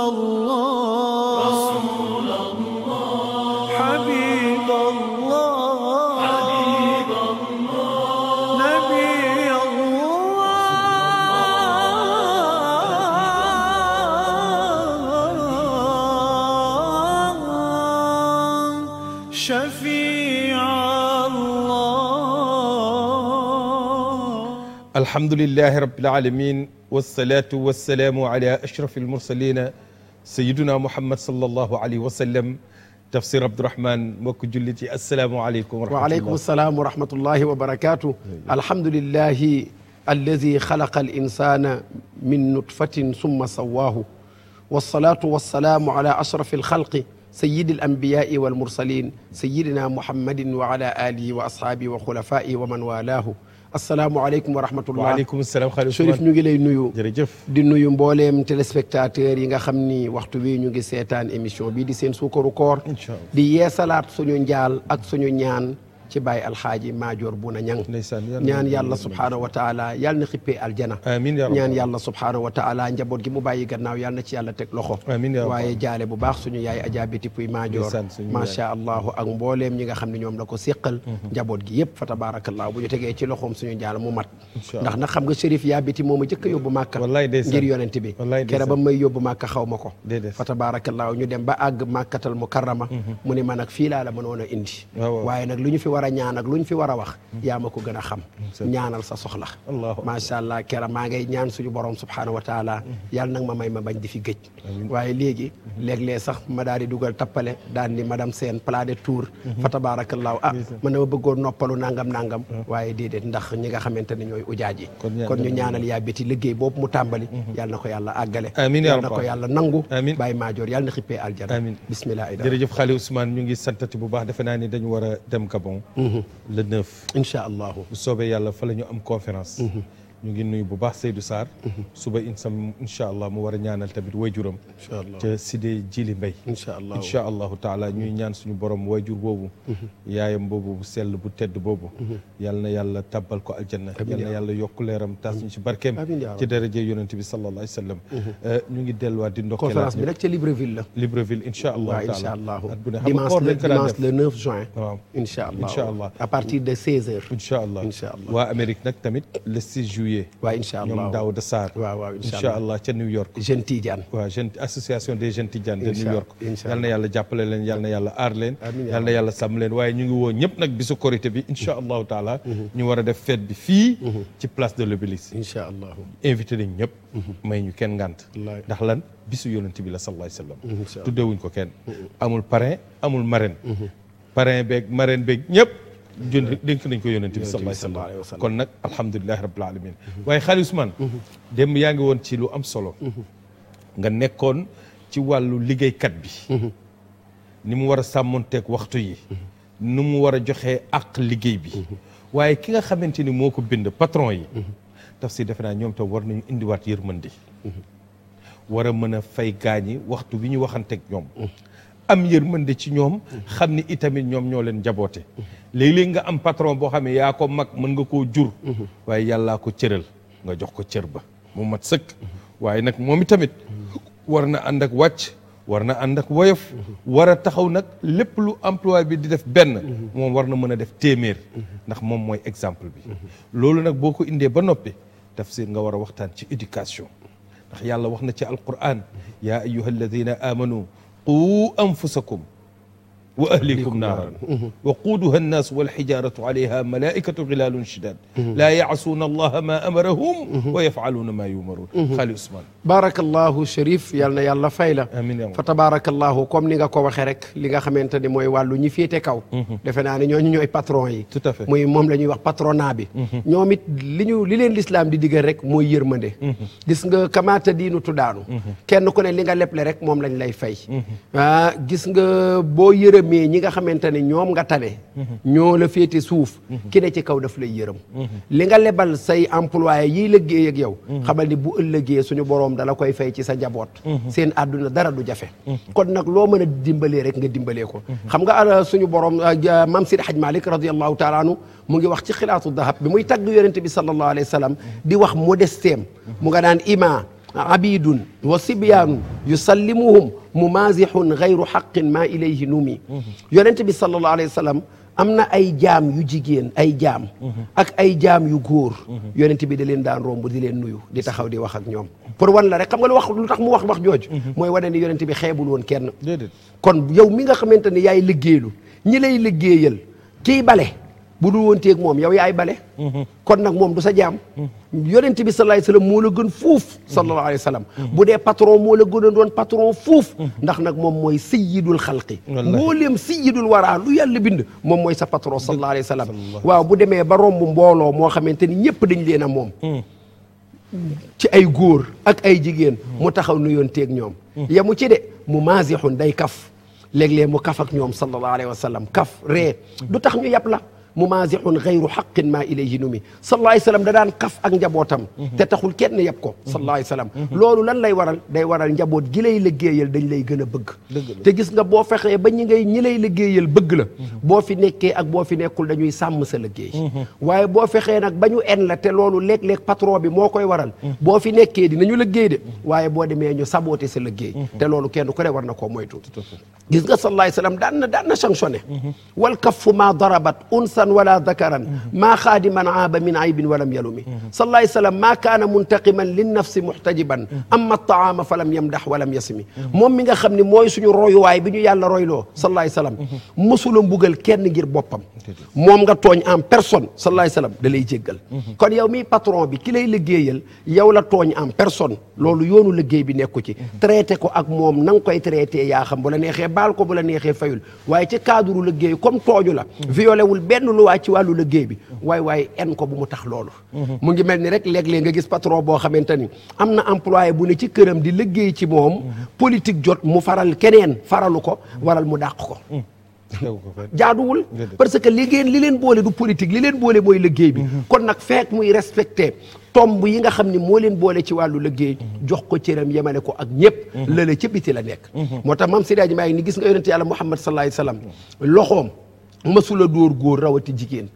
الله رسول الله حبيب الله حبيب الله نبي الله شفيع الله الحمد لله رب العالمين والصلاة والسلام على أشرف المرسلين sayiduna muhammad sallallahu alayhi wa sallam tafsir abdourahman mbokk jullit yi asalaamualeykum wa waaleykum asalaam wa rahmatullahi wa barakatuh alhamdulillahi alladi xalaqa al insana min nutfatin summa sawaahu wasalaatu wasalaamu ala ashrafi alxalqi sayidi al anbiyaai wal mursalin sayidina muhammadin wa ala alihi wa ashaabihi wa xulafaa'i wa man walaahu asalaamaaleykum wa rahmatullah waaleykum salaam Chérif ñu ngi lay nuyu jërëjëf di nuyu mbooleem téléspectateurs yi nga xam ni waxtu wi ñu ngi seetaan émission bi di seen suukaru koor di yeesalaat suñu njaal ak suñu ñaan ci bàyyi alxaaji maajoor bu na ñang ñaan yàlla subhaanahu wa taala yàlla na xippee aljana ñaan yàlla subhaanahu wa taala njaboot gi mu bàyyi gannaaw yàlla na ci yàlla teg loxo waaye jaale bu baax suñu yaay ajaa biti puy maajoor macha allah ak mbooleem ñi nga xam ne ñoom la ko séqal mhm. njaboot gi yëpp fa tabarakallah bu ñu tegee ci loxoom suñu jaal mu mat ndax nag xam nga shérif yaa biti moom a jëkk a yóbbu màkka ngir yonent bi kere ba may yóbbu màkka xaw ma ko fa tabarakallah ñu ba àgg màkkatal mukarrama mhm. mu ne man ak fii laa la mënoon a indi waaye nag war a ñaan ak luñ fi war a wax mm. yaa ma ko gën a xam ñaanal sa soxla macha allah kera maa ngay ñaan suñu borom subhaanahu wa taala mm. yàlla nag ma may ma bañ di fi géej waaye léegi mm-hmm. léeg-léeg sax ma daal di dugal tappale daan ni madame seen plat de tour mm-hmm. fa tabaarakallaahu ah man na bëggoon noppalu nangam nangam mm-hmm. waaye déedéet ndax ñi nga xamante ne ñooy ujaaji kon ñu ñaanal yaa béti liggéey boobu mu tàmbali yàlla na ko yàlla àggale yàlla na ko yàlla nangu bàyyi maajoor yàlla na xippee aljana bismillah jërëjëf xaali Ousmane bu baax defe naa ni dañu war a dem Gabon le 9. incha allah bu soobee yàlla fa la ñu am conférence. Mm-hmm. ñu ngi nuyu bu baax Seydou Sarr. suba insam incha allah mu war a ñaanal tamit waajuram. incha allah ca Sidé Jili Mbay. incha allah incha borom waajur boobu. yaayam boobu bu sell bu tedd boobu. yal na yàlla tabbal ko aljanna. yal na yàlla yokk leeram tas ñu ci barkeem. ci daraje yonent bi sallallahu alayhi wa sallam. Mhm. ñu di ndokkeel conférence bi rek ca Libreville la. Libreville taala waaw le juin. waaw incha allah tamit le 6 juillet. waaw incha allah ñoom Daouda Sarr. waaw waaw incha allah ca New York. jeune Tidiane. waaw jeune yal na yàlla jàppale leen yàlla aar leen. yàlla sàmm leen waaye ñu ngi woo ñëpp nag bisu korité bi incha mm-hmm. allahu taala. Mm-hmm. ñu war a def fête bi fii. Mm-hmm. ci place de l'Obélisque. invité nañ ñëpp. may ñu kenn ngànt. ndax lan bisu yonent bi la sallallahu wasallam. tuddewuñ ko kenn. amul parrain amul marraine. parrain beeg marraine beeg ñëpp. jënd dénk nañ ko yonent bi sallallahu alayhi wa sallam kon nag alhamdulilahi rabbil alamin waaye xaali Ousmane démb yaa ngi woon ci lu am solo nga nekkoon ci wàllu liggéeykat bi ni mu war a sàmmonteeg waxtu yi ni mu war a joxee ak liggéey bi waaye ki nga xamante ni moo ko bind patron yi Tafsir defe naa ñoom tam war nañu indiwaat yërmande war a mën a fay gaañi waxtu wi ñu waxanteeg ñoom am mën de ci ñoom xam ni itamit ñoom ñoo leen njaboote léeg-léeg nga am patron boo xam ne yaa ko mag mën nga koo jur waaye yàllaa ko cëral nga jox ko cër ba mu mat sëkk waaye nag moom itamit war na ànd ak wàcc war na ànd ak woyof war a taxaw nag lépp lu emploi bi di def benn moom war na mën a def téeméer ndax moom mooy exemple bi loolu nag boo ko indee ba noppi tafsir nga war a waxtaan ci éducation ndax yàlla wax na ci alquran yaa ayyuha alladina amanu qu anfusakum wa ahlikum naaran waquuduha annaas walxijaaratu alayha malaikatu xilaalun shidaad laa yaasuuna allaha maa amarahum wa yafaaluuna maa yumaruun xaali Ousmane baarakallahu Chérif yal na yàlla fay la amiin fa tabaarakallahu comme ni nga ko waxee rek li nga xamante ni mooy wàllu ñi féete kaw mhm. defe naa ne ñooñu ñooy patron yi tout à fait muy moom la ñuy wax patronat bi mhm. ñoom it li ñu li leen lislaam di diggal rek mooy yërmande mhm. gis nga kamaata diinu tuddaanu kenn ku ne li nga leble rek moom lañ lay fay ah, gis nga boo yërëm mais ñi nga xamante ne ñoom nga tane. ñoo la féete suuf. Mhm. ki ne ci kaw daf lay yërëm. Mhm. li nga lebal say employé yiy liggéey ak yow. Mhm. xamal ni bu ëllëgee suñu boroom dala koy fay ci sa njaboot. seen àdduna dara du jafe. kon nag loo mën a dimbalee rek nga dimbalee ko. xam nga suñu boroom ah, maam Sidi Hadj Malick radiyallahu taala anhu mu ngi wax ci xilaatu dahab bi muy tagg yonente bi sallallahu alayhi wa di wax modestem mu nga naan ima. abidun wa sibyaanu yusallimuhum mumaazihun gayru xaqin maa ilayhi numi mhm. yonent bi sallallahu alayhi wa sallam am na ay jaam yu jigéen ay jaam mhm. ak ay jaam yu góor mhm. yonent bi da leen daan romb di leen nuyu di taxaw di wax ak ñoom pour wan la rek xam nga lu tax mu wax wax jooj mooy wane ni yonent bi xeebul woon kenn kon yow mi nga xamante ne yaay liggéeylu ñi lay liggéeyal kii bale bu dul woon teeg moom yow yaay bale kon nag moom du sa jaam yonent bi sallallahu alayhi wasallam moo la gën fuuf sallallahu alayhi wasallam bu dee patron moo la gën a doon patron fuuf ndax nag moom mooy sayyidul xalqi mbooleem sayyidul waraa lu yàlla bind moom mooy sa patron sallallahu alayhi wasallam waaw bu demee ba romb mbooloo moo xamante ni ñëpp dañ leen a moom hmm. ci ay góor ak ay jigéen mu taxaw nuyoon teeg ñoom hmm. yamu ci de mu maasixun day kaf léeg-léeg mu kaf ak ñoom sallallahu alayhi wasallam kaf ree hmm. du tax ñu yàpp la mumaasixun xayru xaqin maa ilayhi numi sallallahu alayhi wasallam da daan xaf ak njabootam mhm. te taxul kenn yab ko mhm. sallallahu alayhi wasallam mhm. loolu lan lay waral day waral njaboot gi lay liggéeyal dañ lay gën a bëgg te gis nga boo fexee ba ñi ngay ñi lay bëgg la boo fi nekkee ak boo fi nekkul dañuy sàmm sa liggéey waaye boo fexee nag ba ñu en la te loolu léeg-léeg patron bi moo koy waral boo fi nekkee dinañu liggéey de waaye boo demee ñu saboté sa liggéey te loolu kenn ku ne war na koo moytu gis nga sallallahu alayhi da sallam daan na daan na sanctionné mhm. wal kaffu maa darabat unsan wala dakaran maa mhm. xaadiman aaba min aybin walam yalumi mhm. sallallahu alayhi wa sallam maa kaana muntaqiman lin nafsi muxtajiban amma taama fa lam yamdax walam yasmi moom mi nga xam ne mooy suñu royuwaay bi ñu yàlla royloo sallallahu alayhi wa sallam mosula mbugal kenn ngir boppam moom nga tooñ en personne sallallahu alayhi wa sallam da lay jéggal kon yow mi patron bi ki lay liggéeyal yow la tooñ en personne loolu yoonu liggéey bi nekku ci traité ko ak moom na nga koy baal ko bu la neexee fayul waaye ci cadre liggéey comme tooju la violewul wul benn luwaa ci wàllu liggéey bi waaye waaye en ko bu mu tax loolu mhm. mu ngi mel ni rek léeg-léeg nga gis patron boo xamante ni am na employé bu ne ci këram di liggéey ci moom mhm. politique jot mu faral keneen faralu ko waral mu dàq ko mhm. jaaduwul parce que li ngeen li leen boole du politique li leen boole mooy liggéey bi mhm. kon nag fekk muy respecté tomb yi nga xam ni moo leen boole ci wàllu liggéey mhm. jox ko cëram yemale ko ak ñëpp mhm. lële ca biti la nekk moo tax maam Seydi Hadji Maalik ni gis nga yonente yàlla Muhammad sallallahu alayhi wasallam loxoom masula dóor góor rawati jigéen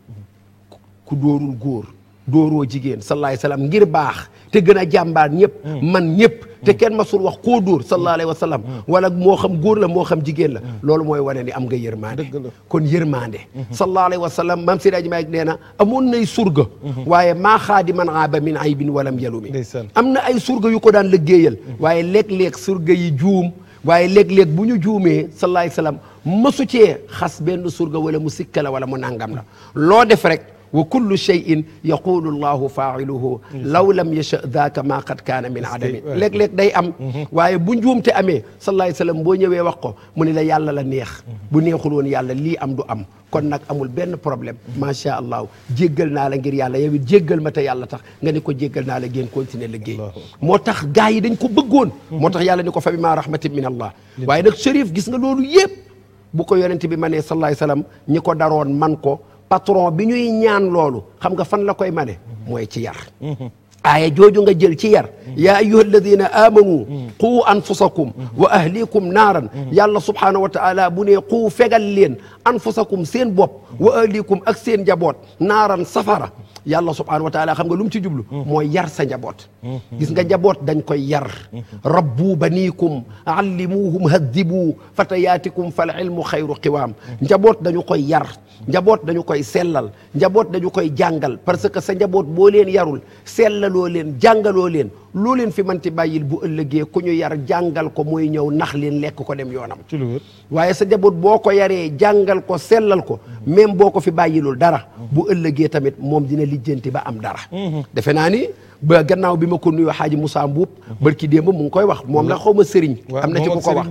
ku dóorul góor dóoroo jigéen sallallahu alayhi wasallam ngir baax te gën a jàmbaar ñëpp man ñëpp te kenn masul wax koo dóor sallallahu alayhi wa sallam mm. wala moo xam góor la moo xam jigéen la mm. loolu mooy wane ni am nga yërmande kon yërmande mm-hmm. sallallahu alayhi wa sallam mam Seydi Hadji Malick nee na amoon nay surga mm-hmm. waaye maa xaadi man aaba ay aybin walam yalumi am na ay surga yu ko daan liggéeyal mm-hmm. waaye léeg-léeg surga yi juum waaye léeg-léeg bu ñu juumee sallallahu alayhi wa masu cee xas benn surga wala mu sikka la wala mu nangam la loo def rek wa kullu cheyin yaqulu llahu failuhu law lam yacha daaka maa qad kaana min adami léeg-léeg day am mhm. waaye bu njuumte amee sallallahu alayhi wasallam boo ñëwee wax ko mu ni la yàlla la neex mhm. bu neexul woon yàlla lii am du am kon nag amul benn problème mhm. macha allah jéggal naa la ngir yàlla yow it jéggal ma te yàlla tax nga ne ko jéggal naa la ngeen la liggéey moo tax gars yi dañ ko bëggoon moo tax yàlla ni ko fa bi maa rahmatin min allah waaye nag Chérif gis nga loolu yëpp bu ko yonente bi ma nee sallallahu alayhi ñi ko daroon man ko patron bi ñuy ñaan loolu xam nga fan la koy mane mm-hmm. mooy ci yar mm-hmm. aaya jooju nga jël ci yar mm-hmm. yaa ayyuha alladina amanu quu anfusakum wa ahlikum naaran yàlla subhaanahu wa taala bu ne quu fegal leen anfusakum seen bopp wa ahlikum ak seen njaboot naaran safara yàlla subhaanahu wa taala xam nga lu mu ci jublu mm-hmm. mooy yar sa njaboot mm-hmm. gis nga njaboot dañ koy yar mm-hmm. rabbu baniikum allimuuhum haddibu fatayaatikum fal ilmu xayru qiwaam njaboot dañu koy yar njaboot dañu koy sellal njaboot dañu koy jàngal parce que sa njaboot boo leen yarul sellaloo leen jàngaloo leen loo leen fi ti bàyyil bu ëllëgee ku ñu yar jàngal ko mooy ñëw nax leen lekk ko dem yoonam waaye sa jaboot boo ko yaree jàngal ko sellal ko même boo ko fi bàyyilul dara bu ëllëgee tamit moom dina lijjanti ba am dara mhm. defe naa ni ba gannaaw bi ma ko nuyoo xaaji Moussa Mbuub barki démb mu ngi koy wax moom la xaw ma sëriñ am na ci ku ko wax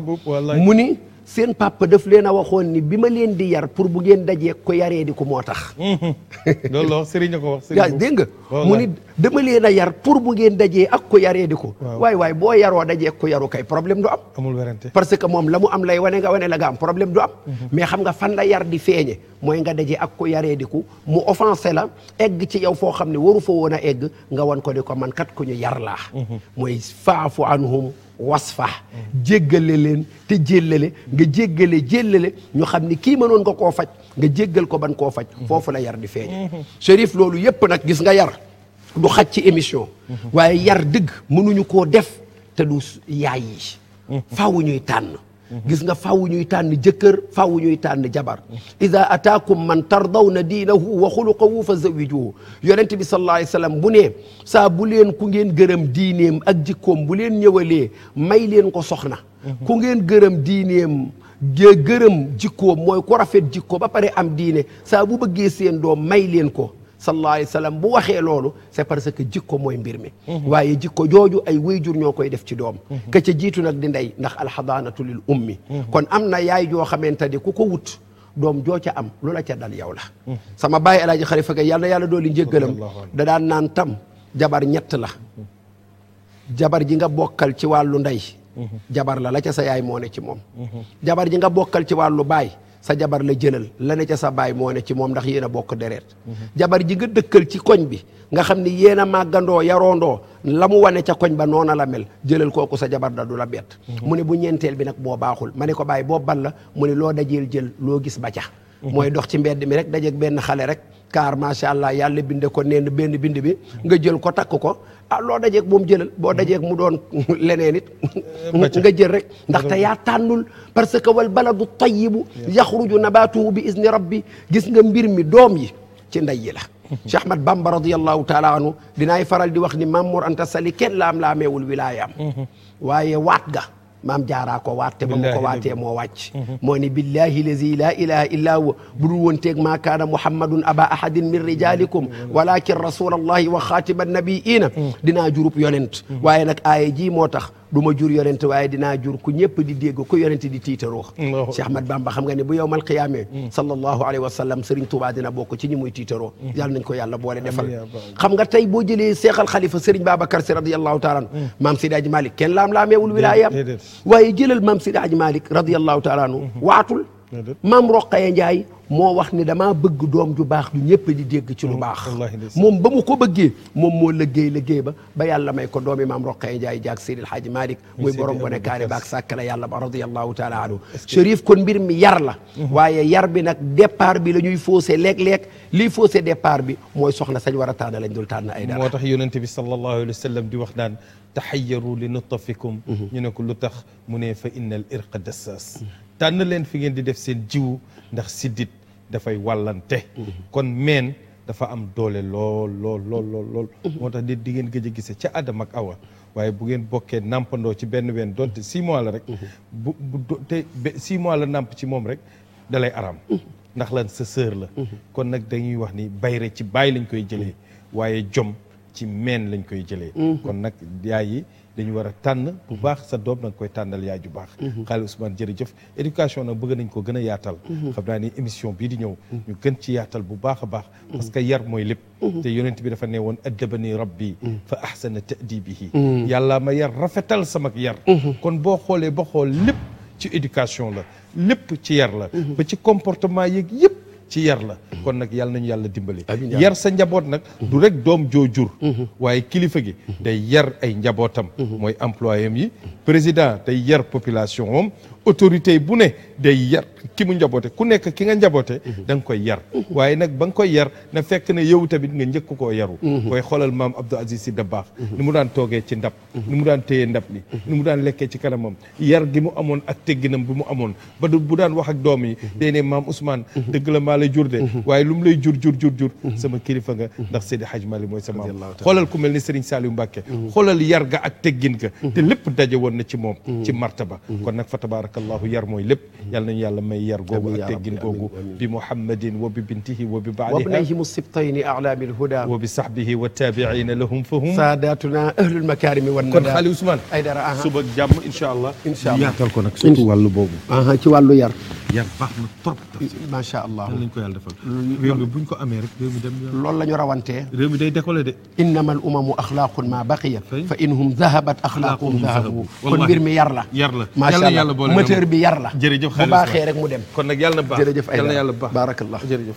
mu ni seen papa daf leen a waxoon ni bi ma leen di yar pour bu dajee ko yaree di ko moo tax. Mhm. loolu la wax Serigne ko wax. Serigne dégg nga mu ni dama leen yar pour bu ngeen dajee ak ko yaree di ko. waay waay boo yaroo dajee ko yaru kay problème du am. amul parce que moom la mu am lay wane nga wane la nga am problème du am. Mhm. mais xam nga fan la yar di feeñe mooy nga dajee ak ko yaree di ko mu offensé la egg ci yow foo xam ne waru foo woon a egg nga wan ko di ko man kat ku ñu yar laa. Mhm. mooy faafu anhum wasfa jéggale leen te jéllale nga jéggale jéllale ñu xam ni kii mënoon nga koo faj nga jéggal ko ban koo faj foofu la yar di feeñ Chérif loolu yépp nag gis nga yar du xaj ci émission waaye yar dëgg mënuñu koo def te du yaay yi ñuy tànn gis nga faw ñuy tànn jëkkër faw ñuy tànn jabar ida ataakum man tardawna diinahu wa xuluqahu fa zawijuhu yonent bi sallallahu alayhi wasallam bu ne saa bu leen ku ngeen gërëm diineem ak jikkoom bu leen ñëwalee may leen ko soxna ku ngeen gërëm diineem gërëm jikkoom mooy ku rafet jikko ba pare am diine saa bu bëggee seen doom may leen ko sallallahu alayhi wa bu waxee loolu c'est parce que jikko mooy mbir mi mhm. waaye jikko jooju ay wayjur ñoo koy def ci doom mhm. ka ca jiitu nag di ndey ndax alxadaanatu lil ummi mhm. kon am na yaay joo xamante ni ku ko wut doom joo ca am lu la ca dal yow la sama baay alaaji xarifa ga yàlla yàlla dooli njëggalam da daan naan tam jabar ñett la jabar ji nga bokkal ci wàllu ndey jabar la la ca sa yaay moo ne ci moom jabar ji nga bokkal ci wàllu baay sa jabar la jëlal la ne ca sa baay moo ne ci moom ndax yéen a bokk deret mhm. jabar ji nga dëkkal ci koñ bi nga xam ni yéen a màggandoo yaroondoo la mu wane ca koñ ba noona la mel jëlal kooku sa jabar da du la bett mhm. mu ne bu ñeenteel bi nag boo baaxul ma ne ko baay boo ban la mu ne loo dajeel jël loo gis ba mhm. mooy dox ci mbedd mi rek dajeeg benn xale rek kaar macha allah yàlla binde ko neen benn bind bi nga jël ko takk ko ah loo dajeeg mu jëlal boo dajeeg mu doon leneen it eh, nga jël rek ndaxte yaa tànnul parce que wal baladu tayyibu yaxruju nabaatuhu bi izni rabbi gis nga mbir mi doom yi ci ndey yi la Cheikh Ahmad Bamba radiallahu taala anhu dinaay faral di wax ni Mamour Anta Sali kenn laam laameewul wilaayaam waaye waat ga maam jaaraa ko waat te ba mu ko waatee moo wàcc mm-hmm. moo ne billahi lazi laa ilaha illaa huwa budul woon teeg maa kaana muhammadun aba ahadin min rijalikum mm-hmm. walakin rasulallahi wa xaatiman nabiina mm-hmm. dinaa jurub yonent waaye nag aaya ji moo tax du ma jur yonent waaye dinaa jur ku ñëpp di dégg ku yonent di tiitaroo Cheikh Ahmad Bamba xam nga ne bu yawmal qiyaamee sallallahu alayhi wa sallam Serigne Touba dina bokk ci ñi muy mm-hmm. ko yàlla boole defal xam nga tey boo jëlee seexal xalifa Serigne Babacar Sy radiyallahu taala anhu mm-hmm. maam Sidi Hadji Malick kenn laam-laameewul wilaayam waaye jëlal maam Sidi Hadji Malick mm-hmm. waatul maam Roqaya Njaay moo wax ni damaa bëgg doom ju baax ju ñëpp di dégg ci lu mm, baax moom ba mu ko bëggee moom moo liggéey liggéey ba ba yàlla may ko doomi maam Roqaya Njaay jaag Seydil Haaji Malick muy borom gone kaare baak sàkkala yàlla ba radiallahu taala anhu Chérif kon mbir mi yar la mhm. waaye yar bi nag départ bi la ñuy faussé léeg-léeg lii faussé départ bi mooy soxna sañ war a tànn lañ dul tànn ay dara moo tax yonent bi sallallahu alayhi wa sallam di wax naan taxayaru li nutafikum mhm. ñu ne ko lu tax mu ne fa inna al irqa dassas mhm. tànn leen fi ngeen di def seen jiwu ndax siddit dafay wàllante kon meen dafa am doole lool lool lool moo tax nit di ngeen gëj a gise ca Adam ak Awa waaye bu ngeen bokkee nàmpandoo ci benn ween donte six la rek bu bu te six mois la nàmp ci moom rek dalay aram ndax lan sa sœur la kon nag dañuy wax ni bayre ci bàyyi lañ koy jëlee waaye jom ci meen lañ koy jëlee kon nag yaay yi dañu war a tànn bu baax sa doom da nga koy tànnal yaay ju baax mhm. xaali jër jërëjëf éducation nag bëgg nañ koo gën a yaatal mhm. xam naa ni émission bii di ñëw mhm. ñu gën ci yaatal bu baax a baax parce que yar mooy lépp te yonent bi dafa ne woon addabani rabbi fa ahsana ta'dibihi yàlla ma yar rafetal sama yar kon boo xoolee ba xool lépp ci éducation la lépp ci yar la ba ci comportement yeeg yëpp ci yar la kon nag yàlla nañu yàlla dimbali yar sa njaboot nag du rek doom joo jur mhm. waaye kilifa gi day yar ay njabootam mhm. mooy employé yi président day yar population moom autorité yi bu ne day yar ki mu njaboote ku nekk ki nga njaboote mhm. da nga koy yar waaye nag ba nga koy yar na fekk ne yow tamit nga njëkk koo yaru koy mhm. xoolal maam Abdou Aziz si Dabakh mhm. ni mu daan toogee ci ndab ni mu daan téyee ndab li mu daan lekkee ci kanamam yar gi mu amoon ak tegginam bi mu amoon ba du bu daan wax ak doom yi day ne maam Ousmane dëgg la maa jur de waaye lu mu lay jur jur jur jur sama kilifa nga ndax Seydi Hadj Malick mooy sa maam xoolal ku mel ni Serigne Saliou Mbacké xoolal yar ga ak teggin ga te lépp daje woon na ci moom ci martaba kon nag fa tabaarakallahu yar mooy lépp yal nañu yàlla may yar googu ak teggin googu bi muhammadin wa bi bintihi wa bi baaliha wa bnayhim sibtayni alaami lhuda wa bi sahbihi wa taabiina lahum fahum saadatuna ahlul makarimi wan kon xaali Ousmane Aydara suba jàmm incha allah incha allah yaatal ko nag surtout wàllu boobu ci wàllu yar yar baax na trop. macha allah lan lañ ko yàlla defal. réew mi buñ ko amee rek réew mi dem. loolu la ñu rawantee. réew mi day décoller de. innama al umamu axlaaqun ma baqiyat fa inhum zahabat axlaaquhum zahabu kon mbir mi yar la. yar la macha allah moteur bi yar la. jërëjëf bu baaxee rek mu dem. kon nag yàlla na baax jërëjëf ay yàlla na yàlla baax. baarakallah jërëjëf.